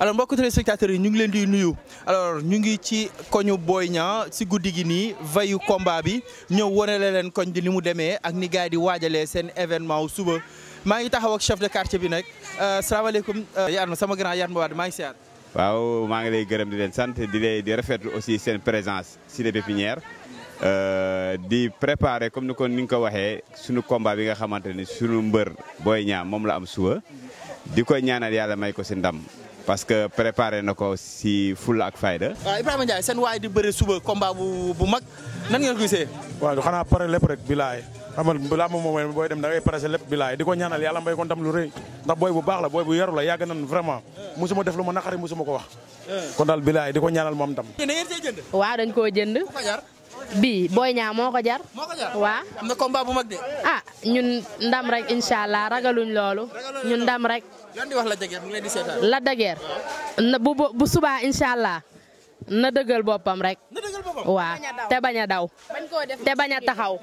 alors mbokk téléspectateurs yi ñu ngi leen di nuyu alors ñu ngi ci koñu Boy Niang si guddi gi nii vayu combat bi ñëw wane leen koñ di ni mu demee ak ni gars di waajalee seen événement wu suba maa ngi taxaw ak chef de quartier bi nag euh, salaamaaleykum. Euh, Yatma sama grand Yatma Wade maa ngi siyaar. waaw maa ngi lay gërëm di leen sant di lay di rafetlu aussi seen présence si les pépinières euh, di préparer comme ni ko ni nga ko waxee sunu combat bi nga xamante ni sunu mbër Boy Niang moom la am suba di ko ñaanal yàlla may ko si ndam. parce que préparé na ko si fulla ak fayda. waaw Ibrahima Ndiaye seen waay di bëri suba combat bu bu mag nan ngeen ko gisee. waaw xanaa pare lépp rek bilaay xam nga làmb moom booy dem da ngay pare sa lépp bilaay di ko ñaanal yàlla mbay ko ndam lu rëy ndax booy bu baax la booy bu yaru la yàgg nañ vraiment musuma def lu ma naqari musuma ko wax. kon daal bilaay di ñaanal moom ndam. waaw dañ jënd. bii booy ñaa ko jar. moo ko jar bu mag de. ah ñun ndam rek incha ragaluñ lan di wax Lac de Guiers na bu bu subaa incha allah na dëggal boppam rek. waa dëggal boppam te bañ a daw. bañ koo def te bañ a taxaw.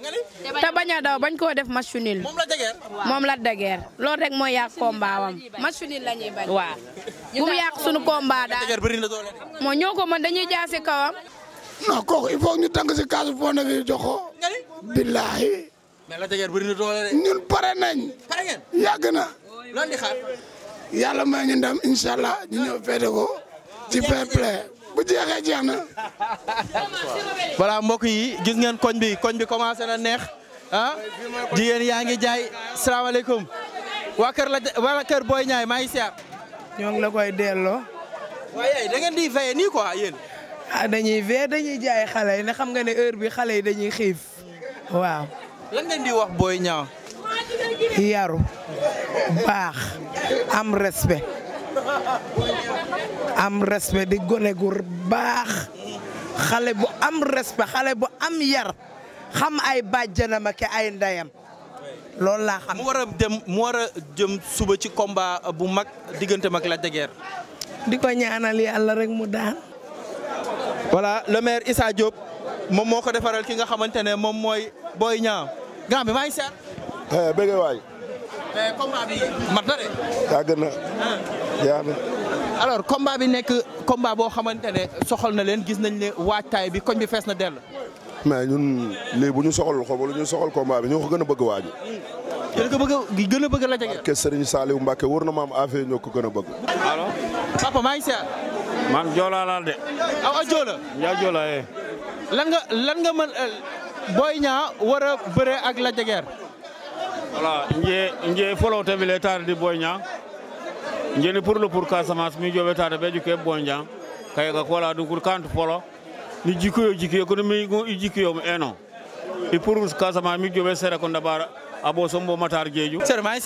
te bañ a daw bañ koo def match moom la de Guiers. de Guiers loolu rek mooy yàq combat wam. match nul la ñuy bañ. waaw bu mu yàq sunu combat daal. na doole moo ñoo ko man dañuy jaasi kawam. non kooku il faut ñu tànk si kaasu fonde bi jox ko. billaahi. ñun pare nañ. pare yàlla may ñu ndam incha allah ñu ñëw féete ko ci fair bu jeex na. voilà mbokk yi gis ngeen koñ bi koñ bi commencé na neex ah jigéen yaa ngi jaay salaamaaleykum waa kër la waa kër booy ñaay maa ngi siyaar. ñoo ngi la koy delloo. da ngeen di veillé nii quoi yéen. ah dañuy veillé dañuy jaay xale yi ne xam nga ne heure bi xale yi dañuy xiif waaw. di wax Boy Niang. yaru baax am respe am respect di gone gu baax xale bu am respect xale bu am yar xam ay bàjjanam ak ay ndeyam loolu laa xam. mu war jëm suba ci komba bu mag diggante mag la degeer. di ko ñaanal yàlla rek mu daan. voilà le maire Issa Diop moom moo ko defaral ki nga xamante ne moom mooy Boy Niang. grand bi maa ngi Eh, bëgg waay. mais combat mat na de. yaa na ah. yaa na. alors combat bi nekk combat boo xamante ne soxal na leen gis nañ ne waajtaay bi koñ bi fees na dell. mais ñun lii bu ñu soxal xob lu ñu soxal combat bi ñu ko gën a bëgg waaj. yéen ko bëgg a gën a bëgg la jege. kër Serigne Saliou Mbacke na maam affaire ñoo ko gën a bëgg. allo. papa maa ngi seet. man Joola de. aw a Joola. yaa Joola eh. lan nga lan nga mën Boy Niang war a ak Lac voilà nje nje folowteɓe le tade ɗi boyña jeni pour le pour casamance mi joɓe tade ɓe juke boyña kayga ko wala ɗum folo ni jikkoyo jikkoyo kono mi i jikkoyomo eno eh i pour casamance mi joɓe sere ko dabara abo sombo matar jeeju sere ma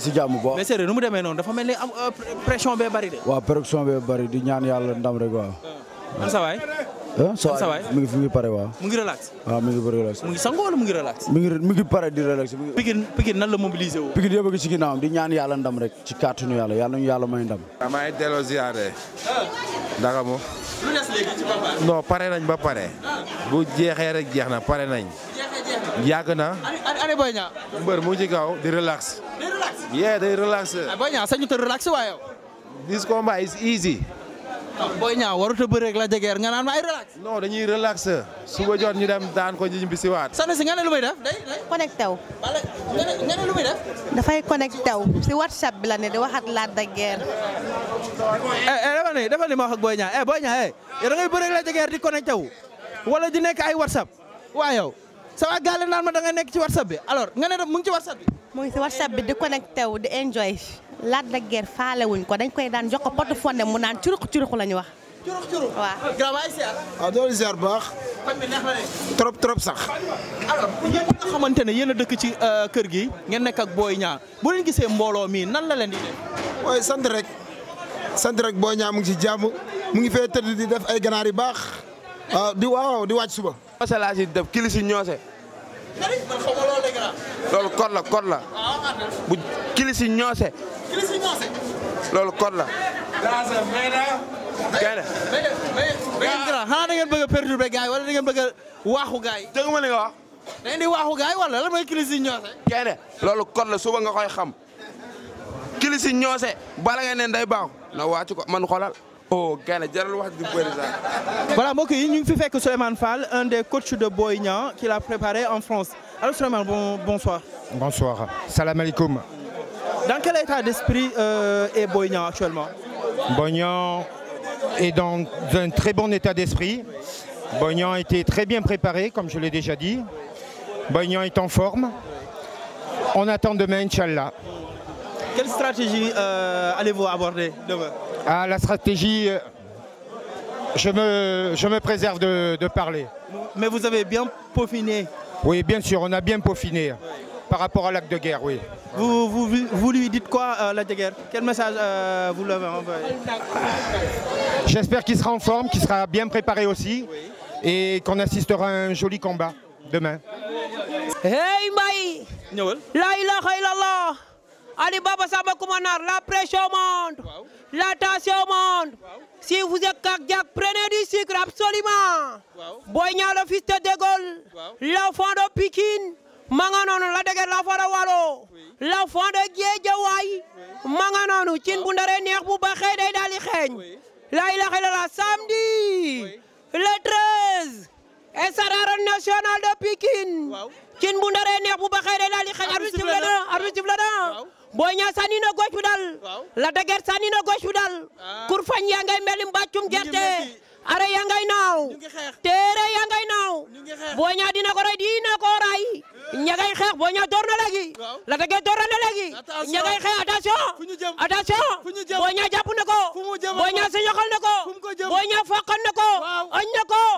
si jàmm bo mais sere nu mu demee noonu dafa mel ni euh, pression bee bari de waaw pression bee bari di ñaan yàlla ndam rek ah sa waay mi ngi mi ngi pare waaw. mu ngi relax. waaw ah, mi ngi relax. mu ngi sangu mu ngi relax. mi ngi mi ngi pare di relax. Pikine nan la mobiliser woo. Pikine a ngi ci ginnaawam di ñaan yàlla ndam rek ci kàttanu yàlla yàlla ñu yàlla may ndam. maa ngi delloo ziare. ndax moom. lu pare nañ ba pare. bu jeexee rek jeex na pare nañ. yàgg na. ani Boy mbër mu ci kaw di relax. di relax. yee day relax. Ah, Boy Niang relax waaye. this Ah, Boy ñaaw warut a la ak nga naan ma ay relax. non dañuy relax suba jot ñu dem daan ko ñu si waat. soxna si nga ne lu muy def day day. connecté dafay connecté wu si WhatsApp bi la ne di wax ak Lac de Guiers. eh, eh dafa ni dafa ma wax ak Boy Niang eh Boy Niang eh yow da ngay bëre ak di connecté wala ji nekk ay WhatsApp waa yow sama gàllin naan ma da nga nekk ci WhatsApp bi alors nga ne mu ngi ci WhatsApp bi. mu ngi si whatsapp bi di connecté wu di enjoy laat de Guiers faale wuñ ko dañ koy daan jox ko portefeuille mu naan curux curux la ñu wax. curux curux waaw. garabaay ziar. Ah, baax. trop trop sax. alors xamante ne yéen a dëkk ci euh, kër gi ngeen nekk ak Boy Niang bu gisee mbooloo mii nan la leen di def. waaye sant mu ngi ci jàmm mu ngi fee tëdd di def ay ganaar yu baax ah, di waaw di wàcc suba. ñoose laa si def kili si ñoose. loolu kon la kot la bu kilisi ñoose. loolu kon la. gaynde xanaa da ngeen bëgg a perturber gars yi wala di ngeen bëgg a waaxu gars yi. dégg ma li nga kilisi ñoose. gaynde loolu kon la suba nga koy xam kilisi ñoose bala ngeen ne day baax na wàcc ko man xoolal. oh Gane jaral wax du bëri sax. voilà mbokk yi Fall un des coachs de Boy Niang qui l'a préparé en France alors Souleymane bon bonsoir. bonsoir salaamaaleykum. dans quel état d'esprit euh, est Boy Niang actuellement. Boy Niang est dans un très bon a été très bien préparé comme je l'ai déjà dit. Boy Niang est en forme. On attend demain Inch'Allah. Quelle stratégie euh, allez-vous aborder demain? Ah, la stratégie, euh, je me, je préserve de, parler. Mais vous avez bien peaufiné. Oui, bien sûr, on a bien peaufiné oui. par rapport à l'acte de guerre, Vous, lui dites quoi, euh, l'acte de guerre Quel message euh, vous l'avez envoyé J'espère qu'il sera en forme, qu'il sera bien préparé aussi oui. et qu'on assistera à un joli combat demain. Hey, Maï La ilaha illallah Ali Baba Samba Koumanar, la pression monte, la tension monte. Wow. Si vous êtes cardiaque, prenez du sucre absolument. Wow. Boignan, le de De Gaulle, l'enfant de Pikine, Manganonou, la dégueule, l'enfant de Walo, oui. l'enfant de Guédiawaye, oui. Manganonou, Tchin Boundare Nier Boubaké Dali Kheng. Là, il a la samedi, oui. le 13. Esarara national de Pikine. Tchin Boundare Nier Boubaké Dali Kheng. Arbitre, arbitre, arbitre, Boy Niang sànni na gauche bi dal. la dager sànni na gauche bi dal. Ah. kurfañ yaa ngay mel ni mbàccum a are yaa ngay naaw. téere yaa ngay naaw. Boy Niang dina ko rey dina ko rey. ña ngay xeex Boy Niang door na léegi. la dager door na léegi. ña ngay xeex attention. attention Boy Niang jàpp na ko. Boy Niang sañoxal na ko. Boy Niang faqal na ko. añ na ko.